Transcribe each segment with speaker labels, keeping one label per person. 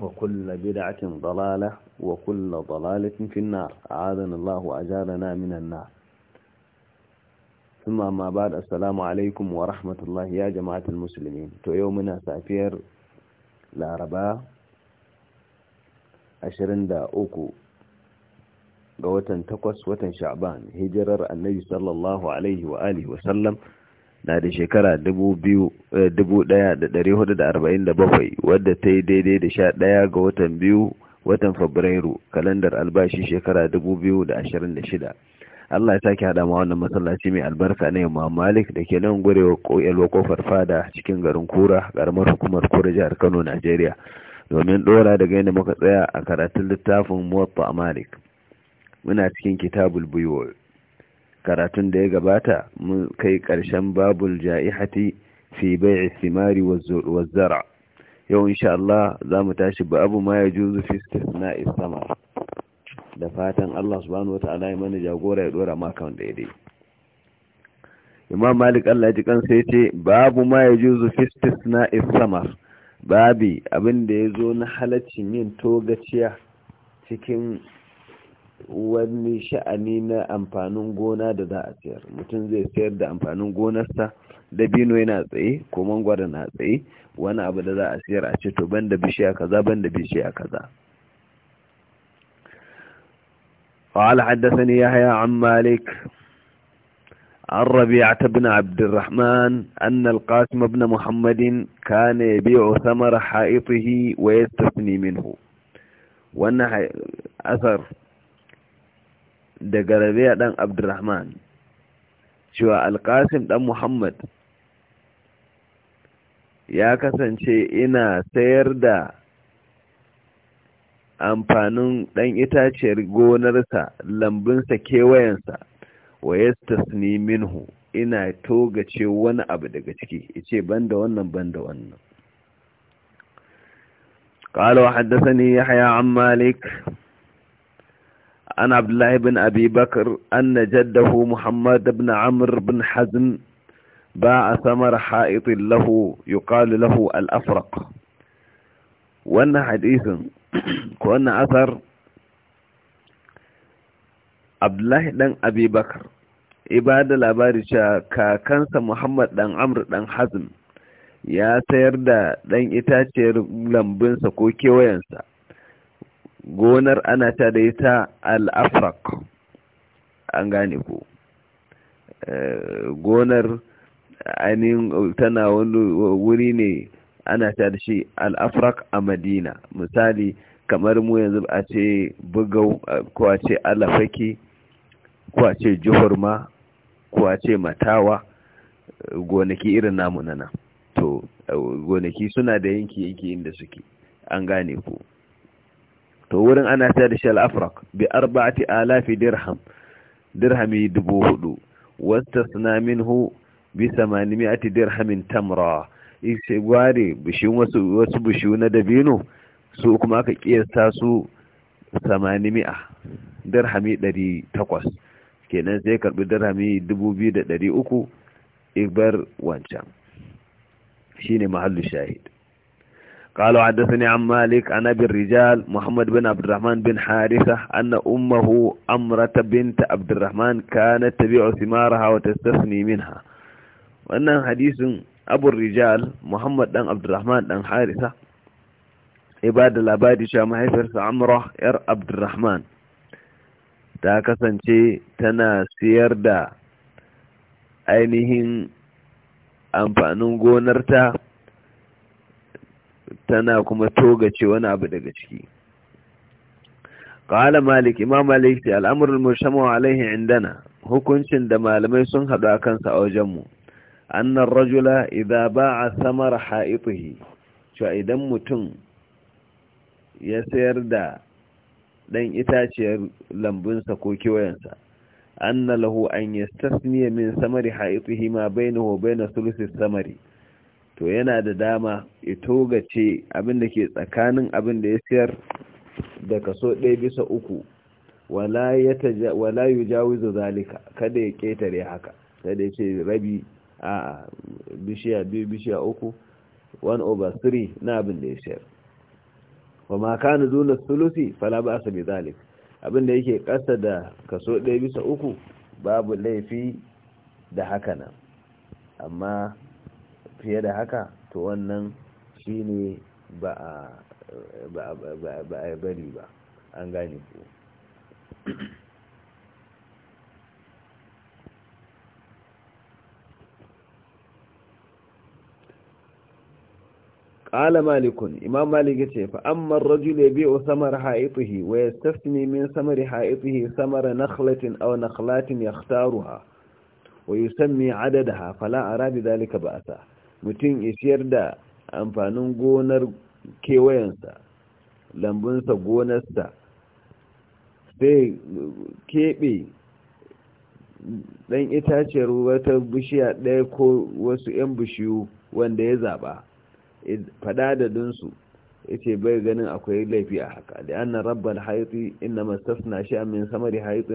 Speaker 1: وكل بدعة ضلالة وكل ضلالة في النار أعاذنا الله وأجارنا من النار ثم ما بعد السلام عليكم ورحمة الله يا جماعة المسلمين تو يومنا سافير لاربا ashirin دا أوكو ga تقوس وتن شعبان هجرر النبي صلى الله عليه وآله وسلم na da shekara 1447 eh, wadda ta yi daidai da sha ɗaya ga watan biyu watan fabrairu kalandar albashi shekara 2026 Allah ya sake haɗa ma wannan masallaci mai albarka na yamma Malik da ke nan gurewa yalwa kofar fada cikin garin Kura karamar hukumar Kura jihar Kano Najeriya domin ɗora daga yadda muka tsaya a karatun littafin Muwatta Malik muna cikin kitabul Buyur karatun da ya gabata mun kai ƙarshen babul ja'ihati fi bai'i thimari wa zara yau insha Allah za mu tashi babu ma ya juzu fi istithna'i samar da fatan Allah subhanahu wata'ala ya mana jagora ya dora ya dai Imam Malik Allah ji sai ce babu ma ya juzu fi istithna'i samar babi abin da zo na halaccin yin togaciya cikin wani sha'ani na amfanin gona da za a sayar mutum zai sayar da amfanin gonarsa dabino yana tsaye ko mangwara na tsaye wani abu da za a sayar a ce to ban banda bishiya kaza ban banda bishiya kaza قال حدثني يحيى عن مالك عن ربيعة بن عبد الرحمن أن القاسم بن محمد كان يبيع ثمر حائطه ويستثني منه وأن أثر daga rabi'a dan abdurrahman cewa alkasim dan muhammad ya kasance ina sayar da amfanin dan itaciyar gonarsa lambunsa kewayensa wa yastasni minhu ina togace wani abu daga ciki yace banda wannan banda wannan قال وحدثني يحيى عن مالك عن عبد الله بن أبي بكر أن جده محمد بن عمر بن حزم باع ثمر حائط له يقال له الأفرق وأن حديث وأن أثر عبد الله بن أبي بكر إبادة لبارشة cewa محمد بن عمر بن حزم Hazm ya sayar da dan itaciyar lambunsa ko kewayensa gonar ana ta da ita al'afrak an gane ku. Eh, gonar ainihin tana wani wuri ne ana ta da shi al'afrak a madina misali kamar mu yanzu a ce bugau ko a ce alafaki ko a ce ma, ko a ce matawa gonaki irin namunana, to gonaki suna da yanki yanki inda suke an gane ku to wurin ana sayar da shi al'afrak bi arba'ati alafi dirham dirhami dubu hudu wasta suna minhu bi samanimiyati dirhamin tamra ishe gware bishin wasu wasu bishu na dabino su kuma aka kiyasta su samanimiya dirhami 800 kenan sai karbi dirhami dubu ibar wancan shine mahallu shahid قالوا حدثني عن مالك عن أبي الرجال محمد بن عبد الرحمن بن حارثة أن أمه أمرة بنت عبد الرحمن كانت تبيع ثمارها وتستثني منها وأن حديث أبو الرجال محمد بن عبد الرحمن بن حارثة عباد الأبادي شامحفر عمرة إر عبد الرحمن ta kasance tana siyar da ainihin amfanin gonarta tana kuma togace wani abu daga ciki qala malik imam malik ce al'amrul mushtamu alaihi indana hukuncin da malamai sun haɗu a kansa a wajen mu anna ar-rajula idha ba'a thamar cewa idan mutum ya sayar da ɗan itaciyar lambunsa ko kiwayensa anna lahu an yi stasniya min samari ha'itihi ma bai na hobai na sulusi samari to yana da dama ya togace abin da ke tsakanin abin da ya siyar da kaso ɗaya bisa uku wala yi jawizu zalika kada ya ƙetare haka kada ya ce rabi a bishiya biyu bishiya uku 1 over 3 na abin da ya siyar wa na zuna sulusi fala ba su bi zalik abin da yake ƙasa da kaso ɗaya bisa uku babu laifi da haka nan amma fiye da haka to wannan shine ba a bari ba an gane ku ƙala malikun imam malik ce fa ammar rajul yabi wa samar haifihi wa yastasni min samar haifihi samar nakhlatin aw nakhlatin yakhtaruha wa yusammi adadaha fala ara bi dhalika ba'sa mutum isiyar da amfanin gonar kewayensa lambunsa gonarsa sai keɓe ɗan itaciyar wata bishiya ɗaya ko wasu 'yan bishiyu wanda ya zaɓa faɗa da dinsu yace bai ganin akwai laifi a haka da na rabbal haiti inna na shi min samari haiti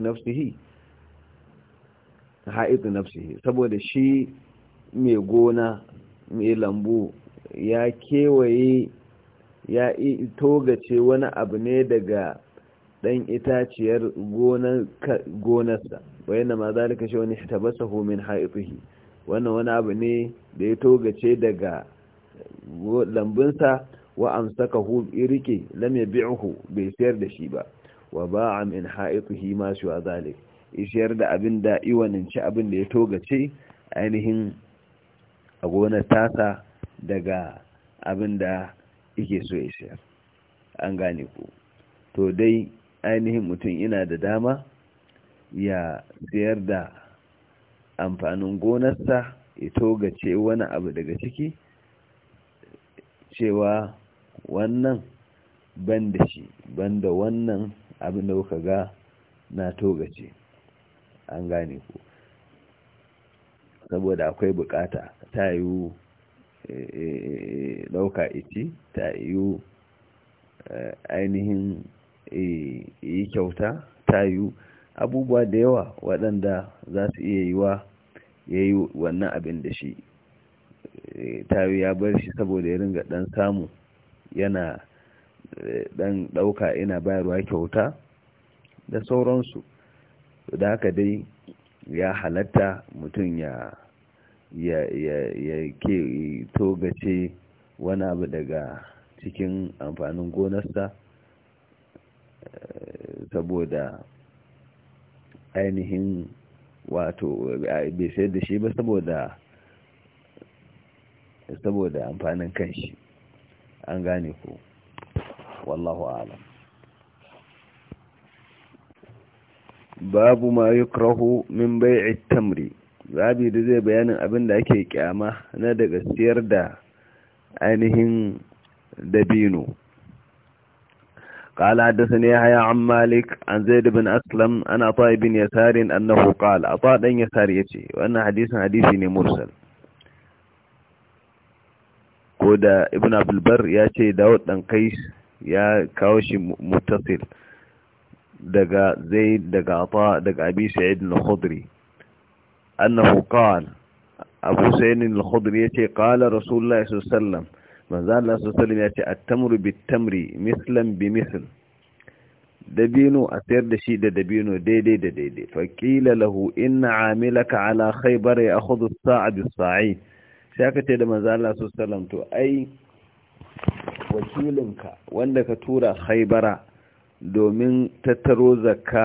Speaker 1: haiti nafsihi saboda shi mai gona mai lambu ya kewaye ya togace wani abu ne daga ɗan itaciyar gonarsa bayan ma zalika shi wani tabasa homin haifihi wannan wani abu ne da ya togace daga lambunsa wa amsaka hu rike lam yabi'uhu bai sayar da shi ba wa ba'a min haifihi ma shi wa zalik da abin da ci abin da ya togace ainihin a gonar tasa daga abin da yake so ya sayar an gane ku to dai ainihin mutum ina da dama ya sayar da amfanin gonarsa ya togace wani abu daga ciki cewa wannan ban da shi ban da wannan abin da kuka ga na togace an gane ku saboda akwai bukata ta yiwu eh, ɗauka iti ta yiwu eh, ainihin eh, yi kyauta ta yiwu abubuwa da yawa waɗanda za su iya yiwa ya yi wannan abin da shi ta yiwu ya bar shi saboda ya ringa ɗan samu yana ɗan ɗauka ina bayarwa kyauta da sauransu da haka dai ya halatta mutum ya ya ya ke togace wani abu daga cikin amfanin gonarsa eh, saboda ainihin wato bai sayar da shi ba saboda saboda amfanin kanshi an gane ku wallahu alam babu ma yukrahu min bai'i tamri zabi da zai bayanin abin da ake kyama na daga siyar da ainihin dabino قال حدثني يحيى عن مالك عن زيد بن أسلم عن عطاء بن يسار أنه قال عطاء بن يسار يتي وأن حديث حديث مرسل كودا ابن عبد البر يتي داود بن قيس يا كاوشي متصل daga zaid daga ata daga abi sa'id al-khudri annahu qala abu sa'id al-khudri yace qala rasulullah sallallahu alaihi wasallam manzo sallallahu yace at-tamru bit-tamri mislan bi misl dabino a sayar da shi da dabino daidai da daidai faƙila lahu inna amilaka ala khaybar ya akhudhu as-sa'a da sai sai ce da manzo Allah sallallahu alaihi wasallam to ai wakilinka wanda ka tura khaybara domin tattaro zakka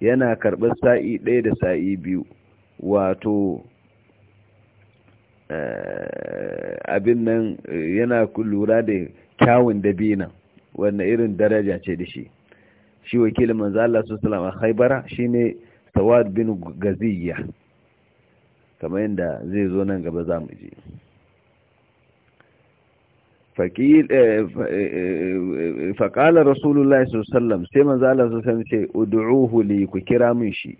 Speaker 1: yana karɓar sa'i ɗaya da sa'i biyu wato eh, abin nan eh, yana lura da kyawun dabina wannan irin daraja ce da shi shi wakilin manzo Allah sallallahu alaihi shine Sawad bin Gaziya kamar yadda zai zo nan gaba zamu je Faƙala rasulullah sallam sai manzala sassan ce udu'uhu li ku kira min shi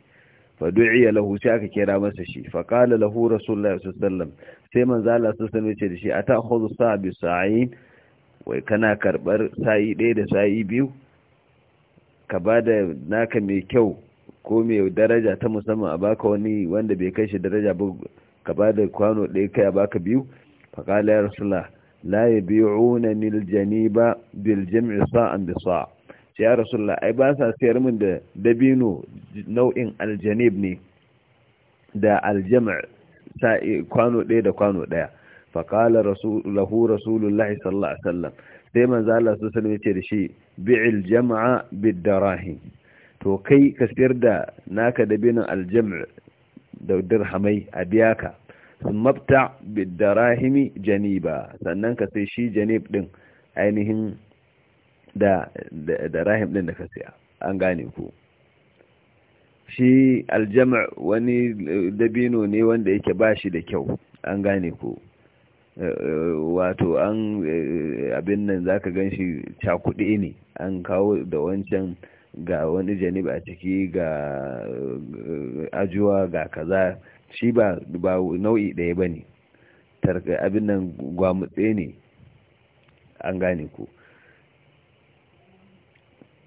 Speaker 1: fadu'iya lahu sai aka kira masa shi faƙala lahu rasulullah sallam sai manzala sassan ce da shi a ta hudu sa'abi sa'ayin wai kana karɓar sa'i ɗaya da sa'i biyu ka ba da naka mai kyau ko mai daraja ta musamman a baka wani wanda bai kai shi daraja ba ka ba da kwano ɗaya kai a baka biyu faƙala ya rasulullah la yabi'una nil janiba bil jam'i sa'an bi sa' ai ba sa sayar min da dabino nau'in aljanib ne da aljam' kwano ɗaya da kwano ɗaya fa qala rasulahu rasulullahi sallallahu sai maza Allah sallallahu alaihi shi bi'il jam'a bid darahim to kai ka sayar da naka dabinin aljam' da dirhamai a biya mabta bidarahimi janiba sannan ka sai shi janib din ainihin da da rahim din da ka siya an gane ku shi aljama' wani dabino ne wanda yake bashi da kyau an gane ku wato an abin nan zaka ganshi cakuɗe ne an kawo da wancan ga wani janib a ciki ga eh, ajuwa ga kaza shi ba nau'i ɗaya ba ne abin nan gwamutse ne an gane ku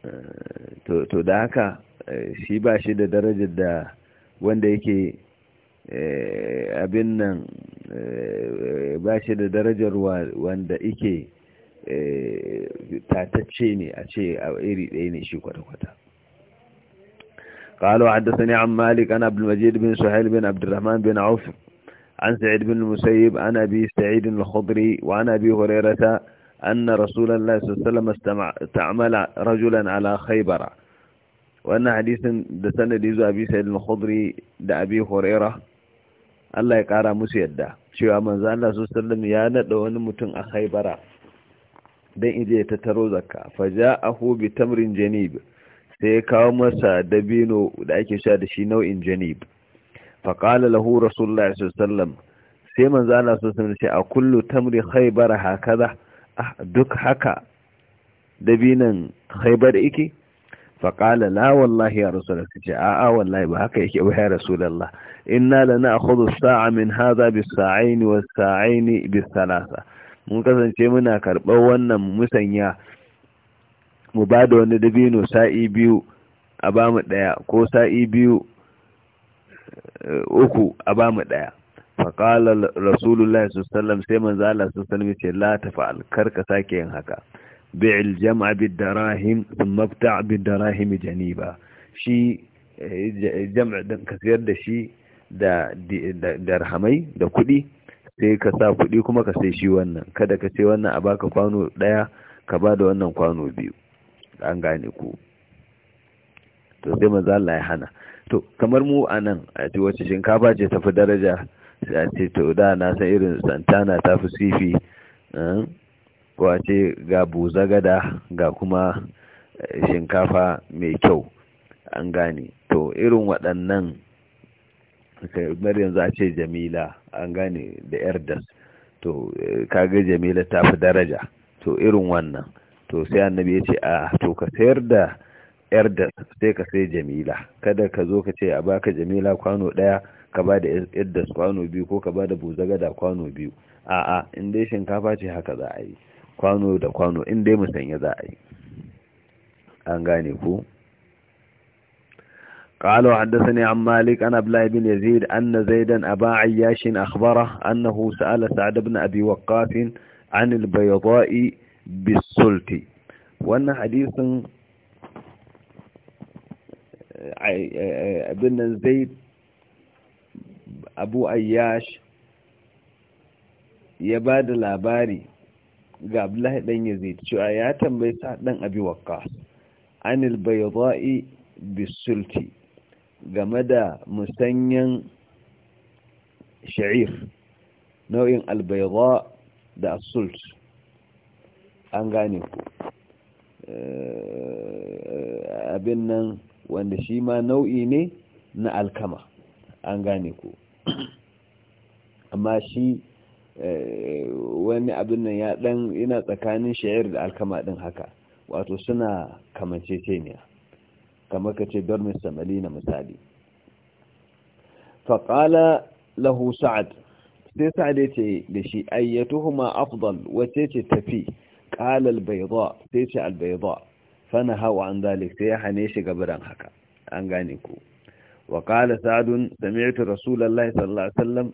Speaker 1: eh, to da haka eh, shi ba shi da darajar da wanda yake eh, abin nan ba shi da darajar wanda yake tatacce ne a ce a iri ɗaya ne shi kwata-kwata قالوا حدثني عن مالك أنا عبد المجيد بن سحيل بن عبد الرحمن بن عوف عن سعيد بن المسيب أنا أبي سعيد الخضري وأنا أبي هريرة أن رسول الله صلى الله عليه وسلم استعمل رجلا على خيبر وأن حديث دسنة ديزو أبي سعيد الخضري دا أبي هريرة الله يقارى مسيدة شو أمان زال الله صلى الله عليه وسلم يانت لو ونمتن أخيبر دين إذا يتترو زكا فجاءه بتمر جنيب sai ya kawo masa dabino da ake sha da shi nau'in janib faƙala lahu rasulullah sallam sai manzo Allah sallam ce a kullu tamri khaybar hakaza ah, duk haka dabinan khaybar yake faƙala la wallahi ya rasulullah ce a'a wallahi ba haka yake ba ya rasulullah inna lanakhudhu sa'a min hadha bis-sa'aini wa saaini bis-thalatha mun kasance muna karɓar wannan musanya mu ba da wani dabino sa'i biyu a ba mu ɗaya ko sa'i biyu eh, uku a ba mu ɗaya faƙalar rasulullah sallam sai manzo Allah sallam ce la tafa'al karka sake yin haka bi'il jam'a bid darahim thumma ibta' bid darahim janiba shi eh, jam'a din ka sayar da shi da darhamai da kuɗi sai ka sa kuɗi kuma ka sai shi wannan kada ka ce wannan a baka kwano ɗaya ka ba da wannan kwano biyu an gane ku to sai manzo Allah ya hana to kamar mu anan a ce wace shinkafa ce tafi daraja sai a ce to da na san irin santana ta fi sifi wace eh, ga buza gada ga kuma eh, shinkafa mai kyau an gane to irin waɗannan kamar yanzu a ce jamila an gane da yardas to eh, kaga jamila ta fi daraja to irin wannan to sai annabi ya ce a to ka sayar da yar da sai ka sai jamila kada ka zo ka ce a baka jamila kwano daya ka ba da yar da kwano biyu ko ka ba da buzaga da kwano biyu a'a in dai shinkafa ce haka za a yi kwano da kwano in dai musanya za a yi an gane ku قال حدثني عن مالك عن أبلاء بن يزيد أن زيدا أبا عياش أخبره أنه سأل سعد بن أبي وقاف عن البيضاء bisulti wannan hadisin eh, eh, abin nan zai abu ayyash ya ba da labari ga abdullahi ɗan yazid cewa ya tambayi sa ɗan abi An anil baydai bisulti game da musanyan sha'ir nau'in albayda da asult an gane ku eh, abin nan wanda shi ma nau'i ne na alkama an gane ku amma shi eh, wani abin nan ya dan yana tsakanin sha'ir da alkama din haka wato suna kamanceceniya kamar ka ce dormis samali na misali faƙala lahu sa'ad sai sa'ad ya ce da shi huma afdal wacce ce tafi qalal bayda sai ce al bayda fana hawa an dalik sai ya hane shi gabaran haka an gane ku wa qala sa'dun sami'tu rasulullahi sallallahu alaihi wasallam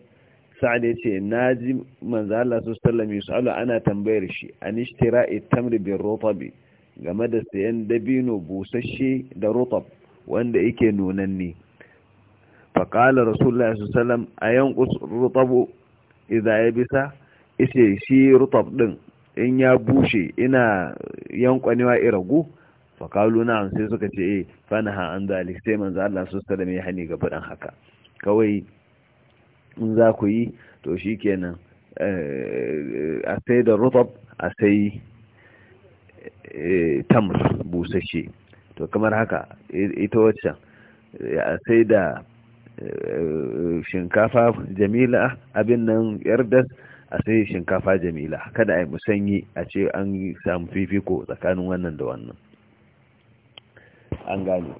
Speaker 1: sa'ad ya ce na ji manzo Allah su sallama ana tambayar shi an ishtira tamri bin rotabi game da sayan dabino busasshe da rutob wanda yake nunanne faƙalar rasulullah su salam a yankus rotabu idan bisa ishe shi rotab ɗin in ya bushe ina yankwanewa iragu fakalu na sai suka ce eh ha an zali sai manzo Allah su sada mai hani ga fadan haka kawai in za ku yi to shikenan eh, a sai da rutab a sai eh, tamr busashe to kamar haka ita wacce a sai da eh, shinkafa jamila abin nan yardas a sai shinkafa jamila kada a yi musanyi a ce an samu fifiko tsakanin wannan da wannan an gane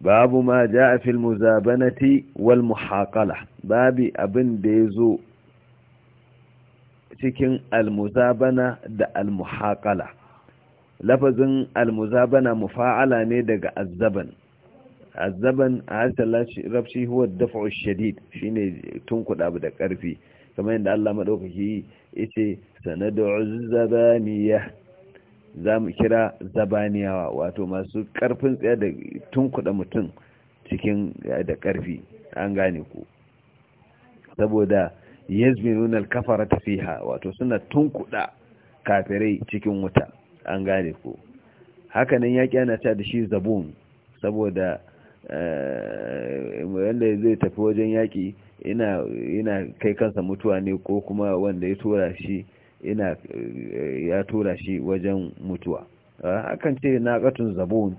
Speaker 1: babu ma ja a filmu zabanati wal muhaƙala babi abin da ya zo cikin almuzabana da almuhaƙala lafazin almuzabana mufa'ala ne daga azzaban azaban a hasala rafshi huwa daf'u shadid shine tunkuda abu da karfi kamar yadda Allah madaukaki yace sanad'u zabaniya zamu kira zabaniyawa wato masu karfin tsaya da tunkuda mutum cikin da karfi an gane ku saboda yazminuna al fiha wato suna tunkuda kafirai cikin wuta an gane ku hakanan yaki ana ta da shi zabun saboda Eh, wanda zai tafi wajen yaƙi ina kai kansa mutuwa ne ko kuma wanda ya tura shi ina eh, ya tura shi wajen mutuwa ah, akan ce na katun zabon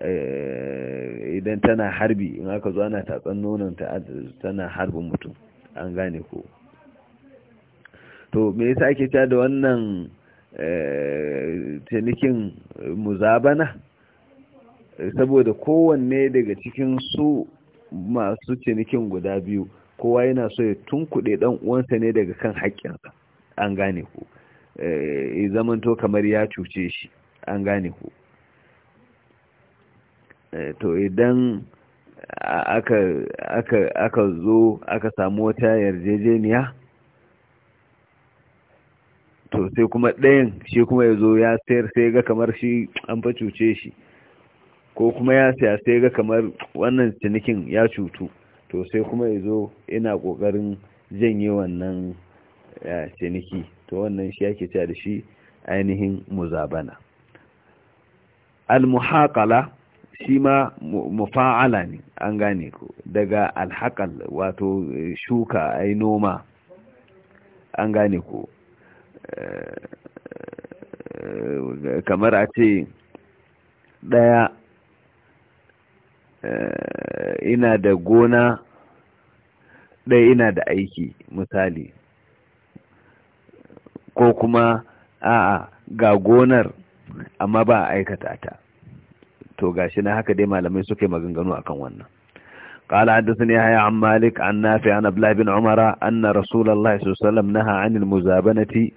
Speaker 1: eh, idan tana harbi in aka zo ana tatsan nonon ta tana harbin mutum an gane ko to me yasa ake ta da wannan cinikin muzabana saboda kowanne daga cikin su masu cinikin guda biyu kowa yana so ya tunkuɗe ɗan uwansa ne daga kan haƙƙinsa an gane ku eh, zamanto kamar ya cuce shi an gane ku eh, to idan aka zo aka samu wata yarjejeniya to sai kuma ɗayan shi kuma ya zo ya sayar sai ga kamar shi an fa cuce shi ko kuma ya siya sai ga kamar wannan cinikin ya cutu to sai kuma ya zo ina ƙoƙarin janye wannan eh, ciniki to wannan shi yake cewa da shi ainihin muzabana al-muhaqala shi ma mufa'ala ne an gane ku daga alhaƙal wato shuka ai noma an gane ku eh, kamar a ce ɗaya Eh, ina da gona ɗaya ina da aiki misali ko kuma a'a ga gonar amma ba a aikata ta to gashi na haka dai malamai suke maganganu akan wannan قال حدثني يحيى عن مالك عن نافع عن عبد الله بن عمر أن رسول الله صلى الله عليه وسلم نهى عن المزابنة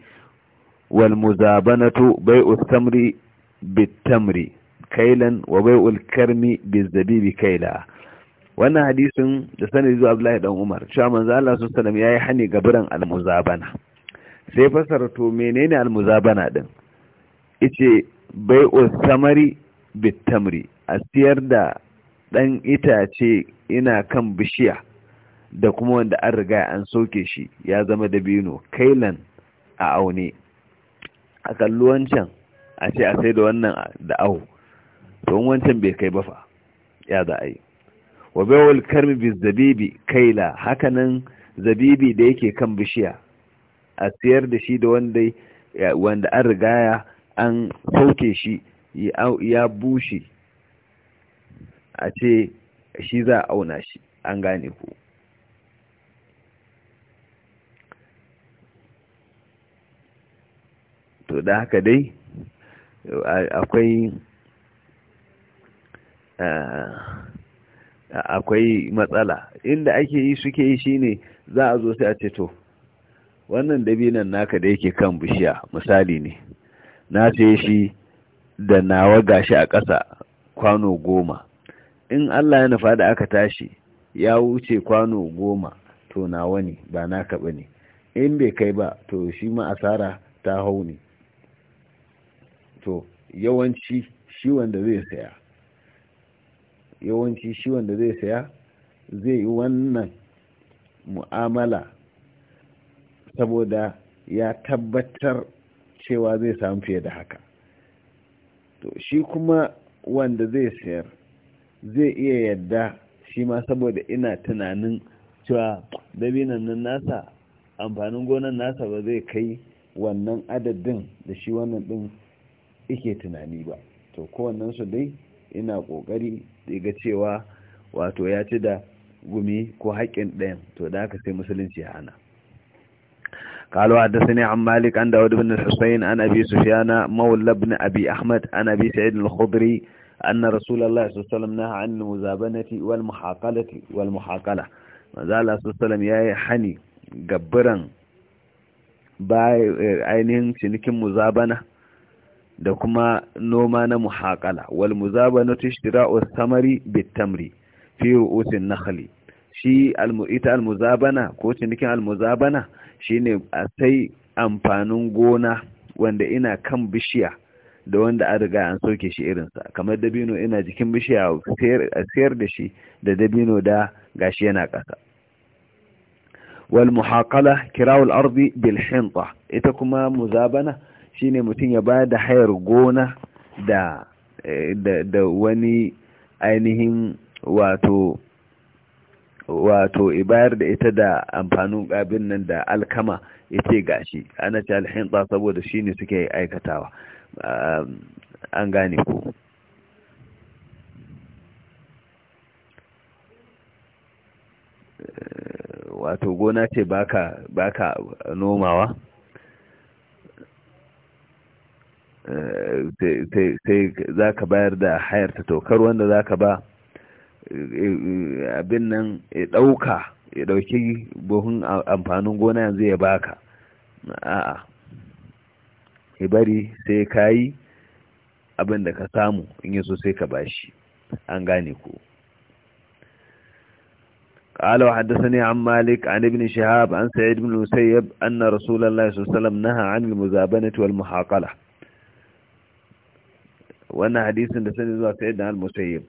Speaker 1: والمزابنة بيع التمر بالتمر kailan wa bai'ul karmi bizabibi kaila wannan hadisin da sanadi zuwa Abdullahi dan Umar cewa manzo Allah sallallahu alaihi wasallam yayi hani gaburan almuzabana sai fasara to menene almuzabana din yace ul samari bitamri a siyar da dan itace ina kan bishiya da kuma wanda an riga an soke shi ya zama da bino. kailan a aune a kalluwancan a ce a sai da wannan da au don wancan bai kai ba fa ya za a yi wa bawal karmi bi zabibi kaila hakanan zabibi da yake kan bishiya a siyar da shi da wanda an rigaya an sauke shi ya bushe a ce shi za a auna shi an gane ku to da haka dai akwai Eh, akwai matsala inda ake yi suke yi shine za a zo sai a ce to wannan dabinan naka da yake kan bishiya misali ne na ce shi da nawa gashi a ƙasa kwano goma in Allah ya nufa da aka tashi ya wuce kwano goma to nawa ne ba naka ba ne in bai kai ba to shi ma asara ta hau ne to yawanci shi wanda zai saya yawanci shi wanda zai saya zai yi wannan mu'amala saboda ya tabbatar cewa zai samu fiye da haka to shi kuma wanda zai sayar zai iya yadda shi ma saboda ina tunanin cewa dabinan nan nasa amfanin gonan nasa ba zai kai wannan adadin da shi wannan din ike tunani ba to kowannen su dai ina kokari daga cewa wato ya ci da gumi ko haƙƙin ɗayan to da aka sai musulunci ya hana قالوا حدثني عن مالك عن داود بن الحسين عن أبي سفيان مولى بن أبي أحمد عن أبي سعيد الخضري أن رسول الله صلى الله عليه وسلم نهى عن المزابنة والمحاقلة والمحاقلة ما زال صلى الله عليه وسلم يا حني جبرا باي عينهم شنكم مزابنة da kuma noma na muhaƙala wal muzabanatu ishtira'u samari bitamri fi ru'usin nakhli shi ita almuzabana ko cinikin almuzabana shine a sai amfanin gona wanda ina kan bishiya da wanda an riga an soke shi irinsa kamar dabino ina jikin bishiya a siyar da shi da dabino da gashi yana ƙasa wal muhaƙala kirawul arzi bil hinta ita kuma muzabana shine mutum ya ba da hayar gona eh, da da wani ainihin wato wato ibayar da ita da amfanin abin nan da alkama ita gashi ana ce alhinta saboda shi ne suke aikatawa an gane ku eh, wato gona ce baka baka nomawa sai za ka bayar da hayar ta tokar wanda za ka ba eh, eh, abin nan ya ɗauka ya ɗauki buhun amfanin gona yanzu ya baka a'a ya bari sai ka yi abin da ka samu in so sai ka bashi an gane ko قال وحدثني عن مالك عن ابن شهاب عن سعيد بن المسيب أن رسول الله صلى الله عليه وسلم نهى عن المزابنة والمحاقلة wannan hadisin da sani zuwa sai da al-musayyib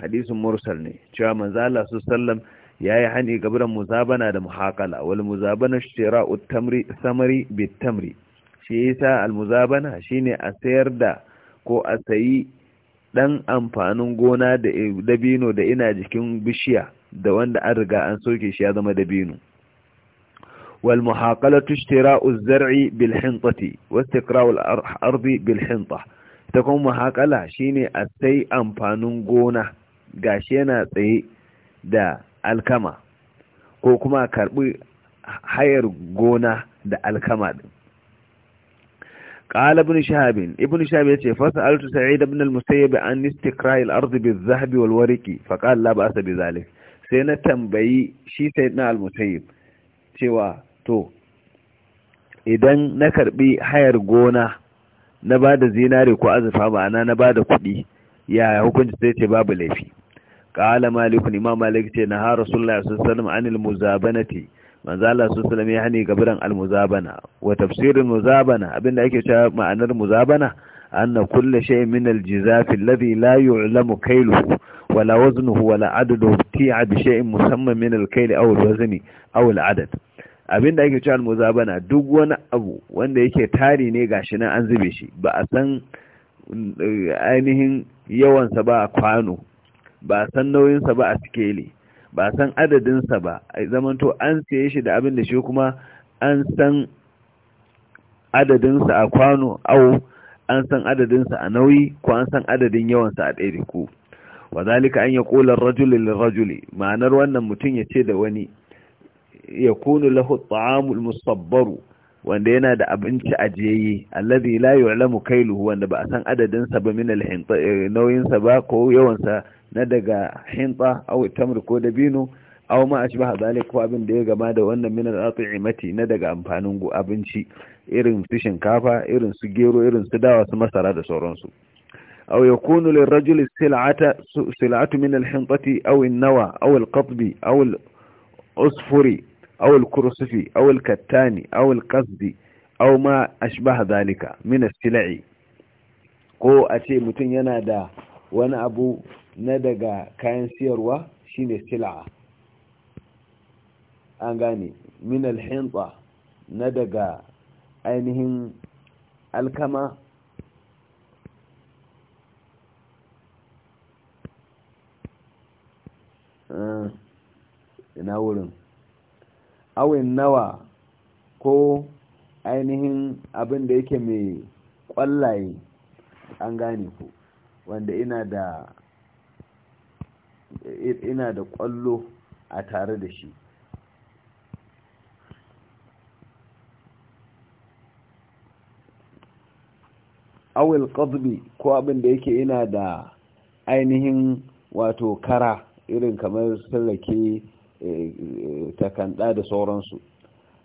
Speaker 1: hadisin mursal ne cewa manzo Allah sallam yayi hani gabran muzabana da muhaqala wal muzabana shira'u tamri samari bit tamri shi yasa al muzabana shine a sayar da ko a sayi dan amfanin gona da dabino da ina jikin bishiya da wanda an riga an soke shi ya zama dabino wal muhakalatu shira'u az-zar'i bil hintati wa al-ardi bil hintati ta kuma mahaƙala shi ne a sai amfanin gona ga shi yana tsaye da alkama ko kuma karɓi hayar gona da alkama ɗin. ibn shahabi ce fasa altu sai da binar musayi bai an nisti kirayil arzi walwariki faƙa'al laba asa zalif sai na tambayi shi sai na almusayi cewa to idan na karɓi hayar gona na ba da zinare ko azurfa ma'ana na ba da kuɗi ya hukunci sai ce babu laifi Kala malikun imam malik ce na har rasulullah sun salam anil manzo Allah salam ya hani almuzabana wa tafsirin muzabana abinda ake cewa ma'anar muzabana anna kulli shay'in min aljizaf alladhi la yu'lamu kayluhu wala waznuhu wala adaduhu ti'a bi shay'in musamman min alkayl aw alwazni aw aladad abin da ake cewa muzabana duk wani abu wanda yake tari ne gashi nan an zube shi ba a san eh, ainihin yawansa ba a kwano ba a san nauyinsa ba a sikeli ba a san adadinsa ba a zamanto an siye shi da abin da shi kuma an san adadinsa a kwano au an san adadinsa a nauyi ko an san adadin yawansa a ɗaiɗiku wa zalika an ya ƙolar rajuli rajuli ma'anar wannan mutum ya ce da wani yakunu lahu at-ta'amul musabbaru wanda yana da abinci ajiyayye alladhi la yu'lamu kailuhu wanda ba a san adadin sa ba min al-hinta eh, nauyin sa ba ko yawan sa na daga hinta aw tamr ko dabino aw ma ashbaha zalik ko abin da ya gama da wannan min al-at'imati na daga amfanin abinci irin su shinkafa irin su gero irin su dawa su masara da sauransu أو يكون للرجل سلعة, سلعة من الحنطة أو النوى أو القطب أو الأصفر أو الكرسفي أو الكتاني أو القصدي أو ما أشبه ذلك من السلع ko a ce mutum yana da wani abu na daga kayan siyarwa shine sila'a an gane min alhinta na daga ainihin alkama ina wurin awin nawa ko ainihin abin da yake mai kwallaye an gane ku wanda ina da ina kwallo a tare da shi awil qadbi ko abin da yake ina da ainihin wato kara irin kamar sallake takanda da sauransu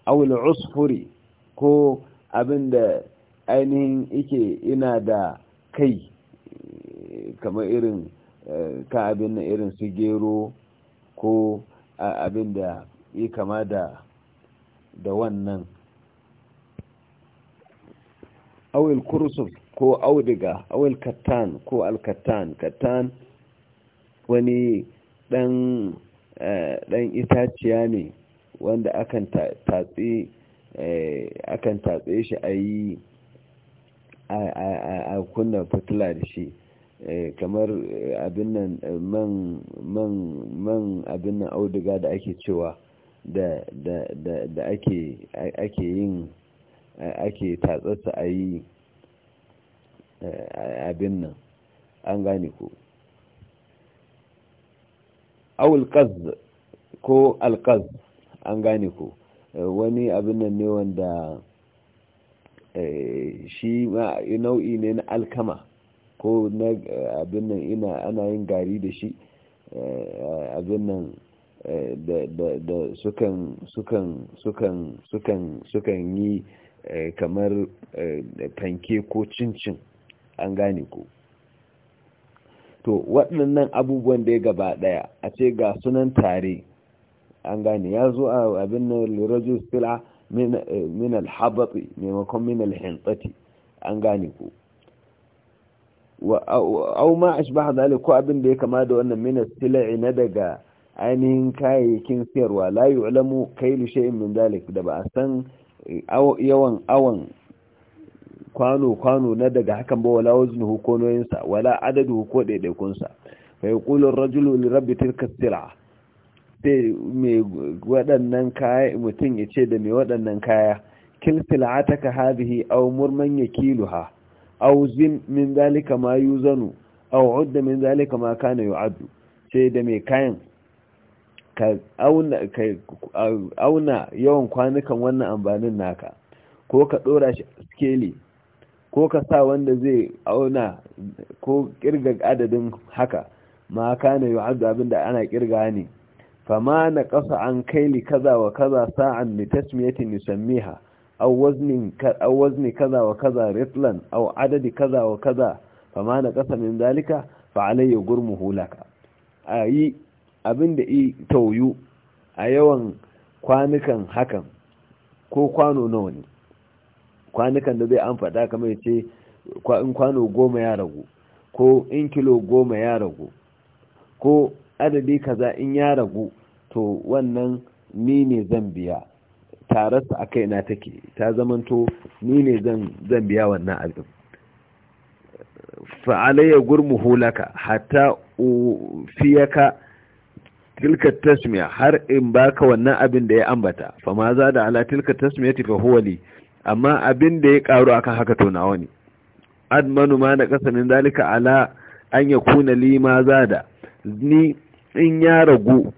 Speaker 1: awil usfuri ko abinda ainihin ike ina da kai kamar irin eh, ka abin na irin su gero ko abinda yi kama da da wannan awil kursuf ko audiga awil kattan ko alkattan kattan wani dan ɗan itaciya ne wanda akan tatse eh, tatse shi a yi a kunna fitila da shi eh, kamar eh, abin nan man abin nan auduga da ake cewa da ake yin ake tatsasa a yi abin nan an gane ku. awul kaz ko alkaz an gane ko eh, wani abin nan ne wanda eh, shi nau'i ne na alkama ko na eh, abin nan ina ana yin gari da shi abin nan da sukan sukan sukan sukan sukan yi kamar fanke ko cincin an gane ko to waɗannan abubuwan da ya gaba ɗaya a ce ga sunan tare an gane ya zo a abin na lirajo sila min eh, alhabatsi maimakon min alhintsati an gane ku au ma a shiba hazali ko abin da ya kama da wannan min na daga ainihin kayayyakin siyarwa layu alamu kai lishe min da ba a san eh, yawan awon kwano-kwano na daga hakan ba wala wajen hukunoyinsa wala adadu ko ɗaiɗaikunsa fa yi ƙulun rajulu lirabbi tilkastira sai mai waɗannan kaya mutum ya ce da mai waɗannan kaya kilfila ta ka hadihi au murman ya kiluha au zin min zalika ma yu zanu au udda min zalika ma kana yu adu sai da mai kayan ka auna yawan kwanukan wannan amfanin naka ko ka ɗora shi skeli ko ka sa wanda zai auna ko kirga adadin haka ma ka wa yu'addu abinda ana kirga ne fama na ƙasa an kaili kaza wa kaza sa'an litasmiyatin yusammiha aw ha a wazni kaza wa kaza ritlan a adadi kaza wa kaza fama na ƙasa min dalika fa alayya gurmuhu yi ayi abinda i tauyu a yawan kwanukan hakan ko kwano nawa ne kwanukan da zai an faɗa kamar ce in kwano goma ya ragu ko in kilo goma ya ragu ko adadi kaza in ya ragu to wannan ni ne zan biya tararsa a kaina take ta zamanto ni ne zan biya wannan abin fa'alayya gurmu hulaka hatta fiyaka tilka tasmiya har in baka wannan abin da ya ambata fa ma za da ala tilka tasmiya tafi huwali amma abin da ya karu akan haka to nawa ne admanu ma na kasanin dalika ala an ya kuna lima zada ni in ya ragu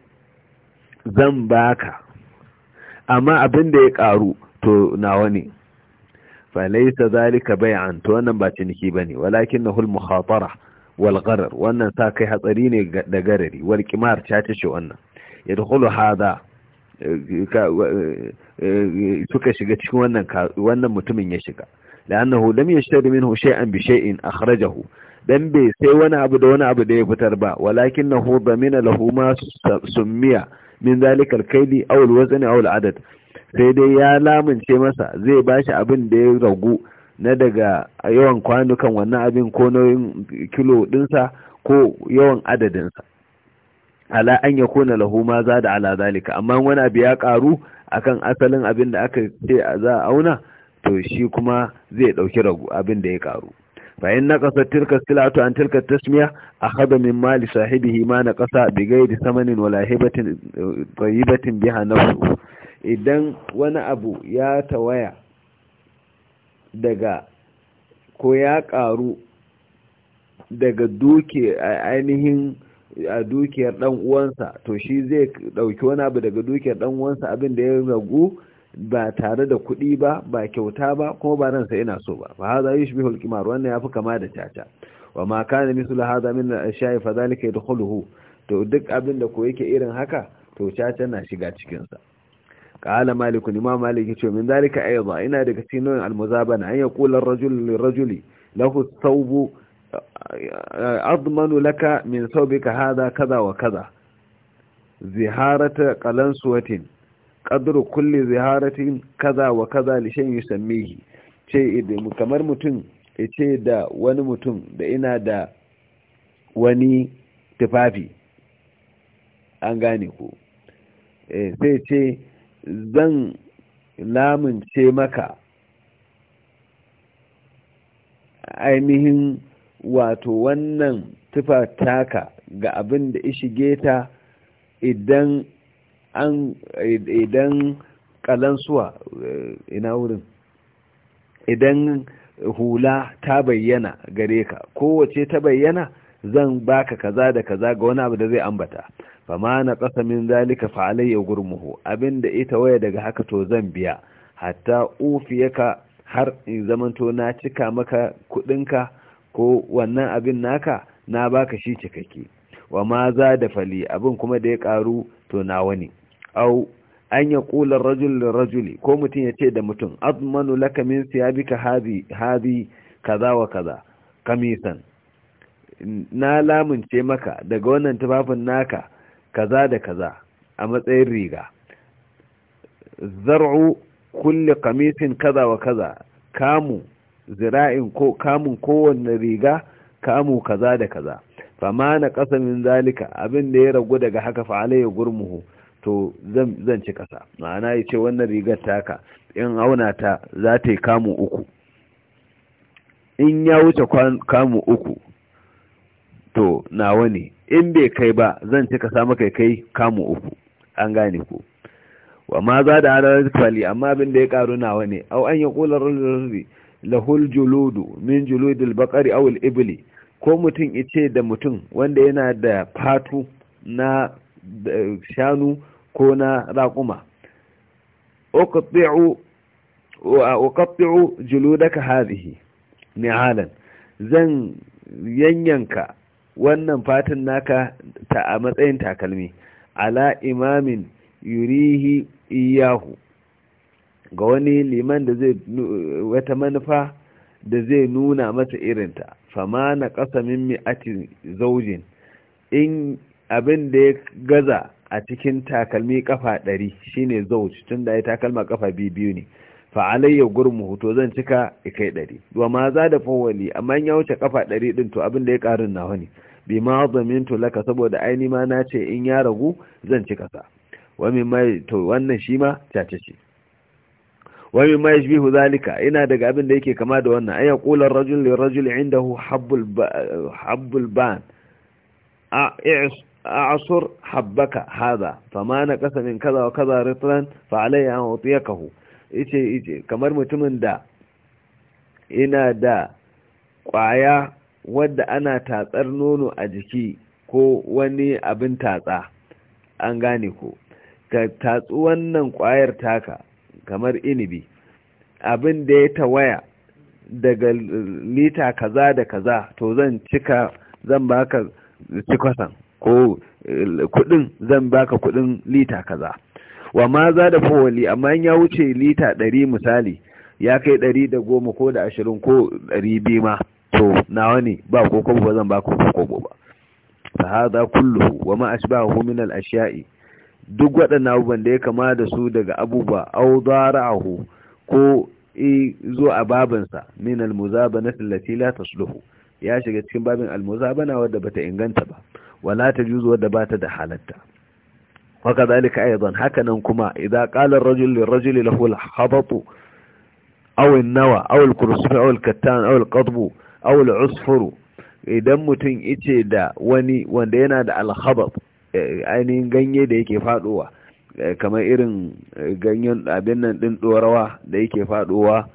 Speaker 1: zan baka amma abin da ya karu to nawa ne falaisa zalika bai'an to wannan ba ciniki bane walakinahu al-mukhatara wal gharar wannan sa kai hatsari ne da garari wal kimar ta ce wannan yadkhulu hada. suka shiga cikin wannan wannan mutumin ya shiga annahu lam yashtari minhu shay'an bi shay'in akhrajahu dan bai sai wani abu da wani abu da ya fitar ba walakinahu damina lahu ma summiya min zalika al aw al-wazn aw al sai dai ya lamunce masa zai bashi abin da ya ragu na daga yawan kwanukan wannan abin ko nauyin kilo dinsa ko yawan adadinsa ala an yakuna lahu ma zada ala zalika amma wani abu ya karu akan asalin abin da aka ce za a auna to shi kuma zai ɗauki ragu abin da ya karu bayan na ƙasa tilka silatu an tilka tasmiya akhadha min mali sahibihi ma na kasa bi gairi samanin wala hibatin tayyibatin biha nafsu idan wani abu ya tawaya daga ko ya karu daga duke ainihin a dukiyar dan uwansa to shi zai dauki wani abu daga dukiyar dan uwansa abin da ya ragu ba tare da kuɗi ba ba kyauta ba kuma ba ransa yana so ba fa hada al qimar wannan yafi kama da caca wa ma kana mithlu hada min al-ashay fa zalika yadkhuluhu to duk abin da ko yake irin haka to caca na shiga cikin sa qala malik imam malik yace min zalika aidan ina daga cikin al-muzabana an yaqula ar rajulu lir-rajuli lahu thawbu admanu laka min saubika hada kaza wa kaza ziharata qalansuwatin qadru kulli ziharatin kaza wa kaza li shay yusammihi ce kamar mutum yace da wani mutum da ina da wani tufafi an gane ku sai ce zan lamunce maka ainihin wato wannan tufa taka ga abin da ishige ta idan an idan kalansuwa eh, ina wurin idan hula ta bayyana gare ka kowace ta bayyana zan baka kaza da kaza ga wani abu da zai ambata fama na ƙasa min zalika fa alayya gurmuhu abinda ita waya daga haka to zan biya hatta ufiyaka har in zamanto na cika maka ka. ko wannan abin naka na baka shi cikakke wa ma za da fali abin kuma da ya karu to na wani. au an ya kula rajul rajuli ko mutum ya ce da mutum azmanu laka min siyabika hadi kaza wa kaza kamisan na lamunce maka daga wannan tufafin naka kaza da kaza a matsayin riga zar'u kulli kamisin kaza wa kaza kamu zira'in ko kamun kowanne riga kamu kaza da kaza fama na ƙasa zalika abin da ya ragu daga haka fa alayya gurmuhu to zan ci ƙasa ma'ana ya ce wannan rigar taka in auna ta za ta yi kamu uku in ya wuce kamu uku to nawa ne in bai kai ba zan ci ƙasa maka kai kamu uku an gane ku wa ma za da hadarar fali amma abin da ya karu nawa ne au an yi ƙular rarrabi lahul juludu min juludil baqari aw al-ibli ko mutum ice da mutum wanda yana da fatu na shanu ko na raƙuma uqti'u juludaka hadhihi ni'alan zan yanyanka wannan fatin naka ta a matsayin takalmi ala imamin yurihi iyahu ga wani liman da zai wata manufa da zai nuna masa irinta fama na ƙasa ƙasamin mi'atin zaujin in abin da ya gaza a cikin takalmi kafa ɗari shine zauj tun da ya takalma kafa biyu ne fa'alayya gurmu hoto zan cika ikai ɗari wa ma za da fawali amma ya wuce kafa ɗari ɗin to abin da ya ƙarin na wani bi ma to laka saboda aini ma na ce in ya ragu zan cika sa Wani mai to wannan shi ma cace ce wa mimma yashbihu zalika ina daga abin da yake kama da wannan ay yaqulu ar-rajul inda indahu habbul habbul ban a'sur habbaka hadha fama naqasa min kaza wa kaza ritlan fa alayya an utiyakahu ice ice kamar mutumin da ina da kwaya wadda ana tatsar nono a jiki ko wani abin tatsa an gane ko ka tatsu wannan kwayar taka kamar inibi abin da ya tawaya daga lita kaza da kaza to zan cika zan baka cikwasan ko eh, kudin zan baka kudin lita kaza wa ma za da fowali amma ya wuce lita ɗari misali ya kai ɗari da goma ko da ashirin ko ɗari biyu ma to nawa ne ba ko ba zan baka ko ba fa hadha kulluhu wa ma ashbahu min al-ashya'i duk waɗannan abubuwan da ya kama da su daga abubuwa au zara'ahu ko zo a babansa min almuzabana allati la tasluhu ya shiga cikin babin almuzabana wadda bata inganta ba wala ta juzu wadda bata da halatta wa zalika aidan haka nan kuma idza qala ar-rajul lir-rajul lahu al khabatu aw an-nawa aw al kursu aw al-kattan aw al-qadbu aw al-usfuru idan mutun yace da wani wanda yana da al khabatu Eh, ainihin ganye da yake fadowa eh, kamar irin eh, ganyen abin nan din dorawa da yake fadowa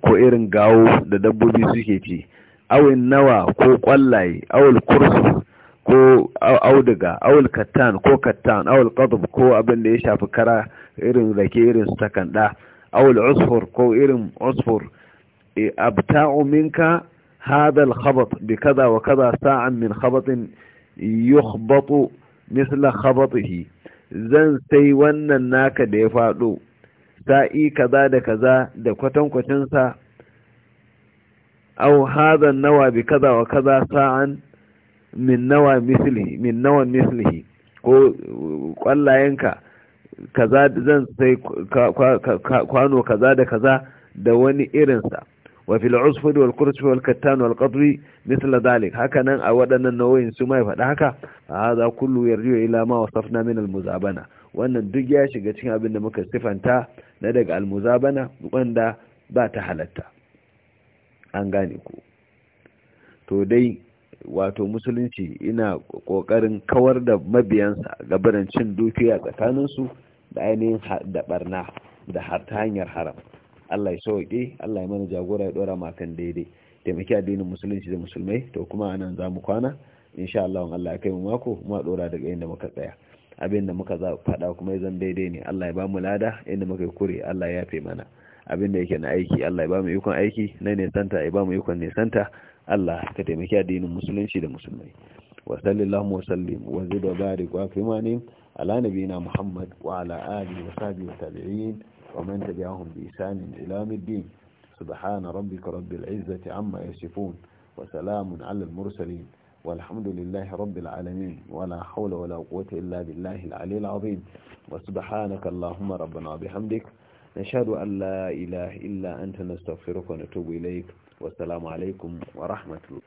Speaker 1: ko irin gawo da dabbobi suke ci awin nawa ko kwallaye awul kursu ko auduga awul kattan ko kattan awul qadb ko abin da ya shafi kara irin rake irin su takanda awul usfur ko irin usfur abta'u minka hadha al-khabat bi kaza wa kaza sa'an min khabatin yukhbatu misla khabatihi zan sai wannan naka da ya faɗo sa'i kaza da kaza da sa au hazan nawa bi kaza wa kaza sa'an min nawa mislihi min nawa mislihi ko kwallayenka kaza zan sai kwano kaza da kaza da wani irinsa wa filaxusu fuduwar kurci wakiltar na alqaduri nis-la-zale hakanan a waɗannan nau'in su mai faɗi haka ha za kullu yardu ya yi lama a safen al-muzabana wannan duk ya shiga cikin abin da muka sifanta na daga al-muzabana wanda ba ta halatta to dai wato musulunci ina kokarin kawar da mabiyansa gaban cin dukiya tsakanin su da ainihin dabarna da har ta hanyar haram. Allah ya sauke Allah ya mana jagora ya dora matan daidai taimaki addinin musulunci da musulmai to kuma anan za mu kwana insha Allah Allah ya kai mu mako kuma dora daga inda muka tsaya abin da muka faɗa kuma ya zan daidai ne Allah ya ba mu lada inda muka kure Allah ya yafe mana abin da yake na aiki Allah ya ba mu ikon aiki na ne santa ya ba mu ikon ne santa Allah ka taimaki addinin musulunci da musulmai wa sallallahu wa sallim wa zid wa barik wa ala nabiyina muhammad wa ala alihi wa sahbihi ومن تبعهم بإسان إلى الدين سبحان ربك رب العزة عما يصفون وسلام على المرسلين والحمد لله رب العالمين ولا حول ولا قوة إلا بالله العلي العظيم وسبحانك اللهم ربنا بحمدك نشهد أن لا إله إلا أنت نستغفرك ونتوب إليك والسلام عليكم ورحمة الله